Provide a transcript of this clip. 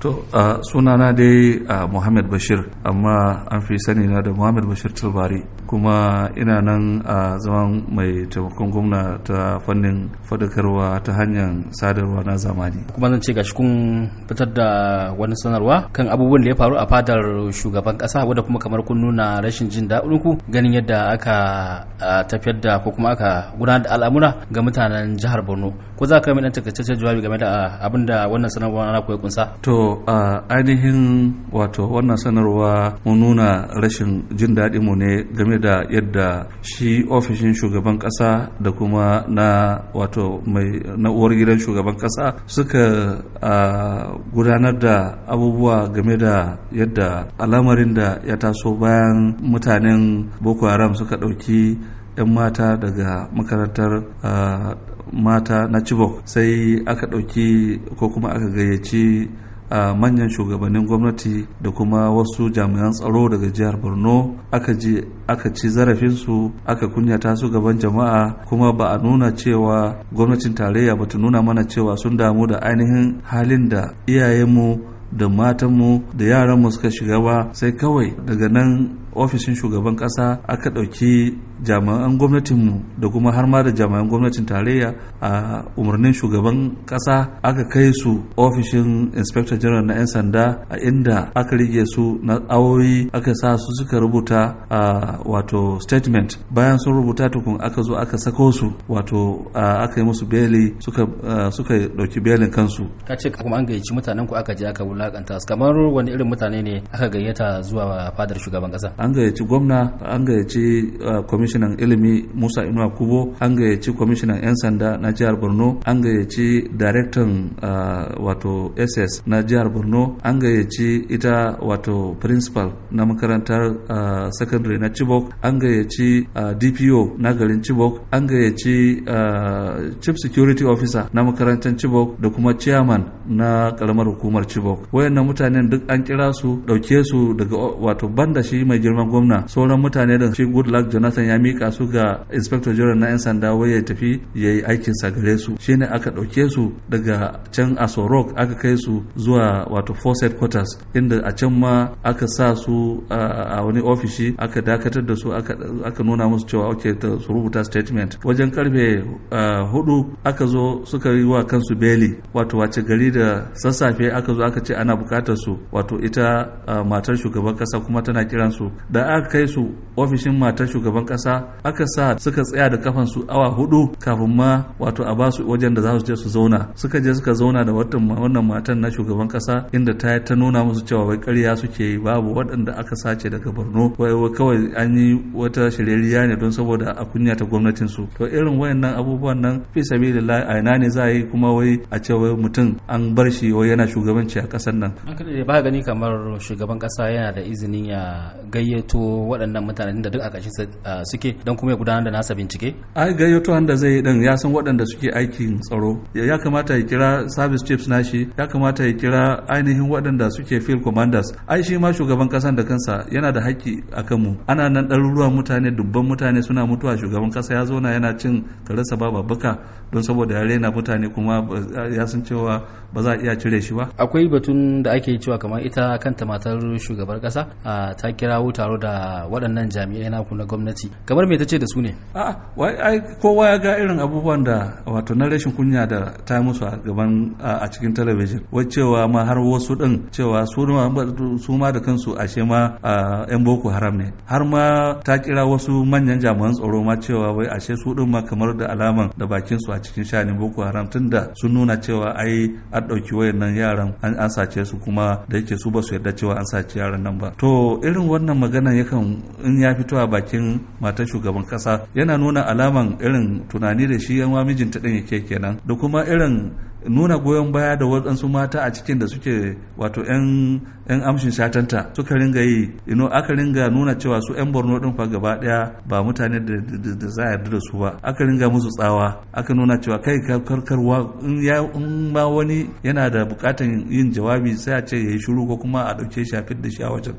to uh, sunana dai uh, muhammad bashir amma an fi sani na da muhammad bashir tilbari kuma ina nan a zama mai taimakon gwamna ta fannin fadakarwa ta hanyar sadarwa na zamani kuma zan ce gashi kun fitar da wani sanarwa kan abubuwan da ya faru a fadar shugaban kasa wadda kuma kamar kun nuna rashin jin daɗin ganin yadda aka tafiyar da ko kuma aka gudanar da al'amura ga mutanen jihar borno ko za ka yi mai ɗan takaitaccen jawabi game da abin wannan sanarwa na kunsa to a ainihin wato wannan sanarwa mun nuna rashin jin daɗin mu ne game da yadda shi ofishin shugaban ƙasa da kuma na wato mai na'uwar gidan shugaban ƙasa suka gudanar da abubuwa game da yadda alamarin da ya taso bayan mutanen boko haram suka ɗauki 'yan mata daga makarantar mata na chibok sai aka ɗauki ko kuma aka gayyaci a manyan shugabannin gwamnati da kuma wasu jami'an tsaro daga jihar borno aka ji aka ci zarafinsu aka kunyata su gaban jama'a kuma ba a nuna cewa gwamnatin tarayya ba ta nuna mana cewa sun damu da ainihin halin da iyayenmu da matanmu da yaranmu suka shiga ba sai kawai daga nan ofishin shugaban ƙasa aka ɗauki jami'an gwamnatinmu da kuma har ma da jami'an gwamnatin tarayya a umarnin shugaban kasa aka kai su ofishin inspector general na 'yan sanda a inda aka rige su na awoyi aka sa su suka rubuta a wato statement bayan sun rubuta tukun aka zo aka sako su wato aka yi musu beli suka dauki belin kansu ka ce kuma an gayyaci mutanen ku aka je aka wulakanta kamar wani irin mutane ne aka gayyata zuwa fadar shugaban kasa an gayyaci gwamna an gayyaci kwamishin kwamishinan ilimi musa inuwa kubo an gayyaci kwamishinan 'yan sanda na jihar borno an gayyaci daraktan ah, wato ss na jihar borno an gayyaci ita wato principal na makarantar ah, secondary na chibok an gayyaci ah, dpo na garin chibok an gayyaci chief security officer na makarantar chibok da kuma chairman na karamar hukumar chibok wayannan mutanen duk an kira su dauke su daga wato banda shi mai girman gwamna sauran mutane da shi luck jonathan ya mika su ga inspector general na 'yan sanda wai ya tafi ya yi aikin sa gare su shine aka ɗauke su daga can aso rock aka kai su zuwa wato force headquarters inda a can ma aka sa su a wani ofishi aka dakatar da su aka nuna musu cewa ok su rubuta statement wajen karfe hudu aka zo suka yi wa kansu beli wato wace gari da sassafe aka zo aka ce ana bukatar su wato ita matar shugaban kasa kuma tana kiran su da aka kai su ofishin matar shugaban kasa kasa aka sa suka tsaya da kafan su awa hudu kafin ma wato a basu wajen da za su je su zauna suka je suka zauna da wannan matan na shugaban kasa inda ta ta nuna musu cewa wai ƙarya suke yi babu waɗanda aka sace daga Borno wai kawai an yi wata shiririya ne don saboda a kunya ta gwamnatin su to irin wayannan abubuwan nan fi sabilillah a ina ne za a yi kuma wai a ce wai mutum an bar shi wai yana shugabanci a kasar nan an kada ba gani kamar shugaban kasa yana da izinin ya gayyato waɗannan mutanen da duk a ƙarshe suke don kuma ya gudanar da nasa bincike ai gayyato wanda zai yi din ya san waɗanda suke aikin tsaro ya kamata ya kira service chiefs nashi ya kamata ya kira ainihin waɗanda suke field commanders ai shi ma shugaban kasan da kansa yana da haƙƙi a kanmu ana nan ɗaruruwan mutane dubban mutane suna mutuwa shugaban kasa ya zauna yana cin karasa ba babbaka don saboda ya rena mutane kuma ya san cewa ba za a iya cire shi ba akwai batun da ake cewa kamar ita kanta matar shugabar kasa ta kirawo taro da waɗannan jami'ai naku na gwamnati kamar me ta ce da su ne a ai kowa ya ga irin abubuwan da wato na rashin kunya da ta musu a gaban a cikin talabijin cewa ma har wasu din cewa su ma da kansu a shema ma yan boko haram ne har ma ta kira wasu manyan jami'an tsaro ma cewa wai ashe su din ma kamar da alaman da bakin su a cikin shanin boko haram tunda sun nuna cewa ai an ɗauki wayannan yaran an sace su kuma da yake su ba su yarda cewa an sace yaran nan ba to irin wannan maganan yakan in ya fito a bakin matan shugaban kasa yana nuna alaman irin tunani da shi yan mijinta ɗin yake kenan da kuma irin nuna goyon baya da waɗansu mata a cikin da suke wato 'yan amshin shatanta suka ringa yi ino aka ringa nuna cewa su 'yan borno ɗin fa gaba ɗaya ba mutane da za a yarda da su ba aka ringa musu tsawa aka nuna cewa kai karkarwa in ma wani yana da bukatan yin jawabi sai a ce ya yi shuru ko kuma a ɗauke shi a shi a wajen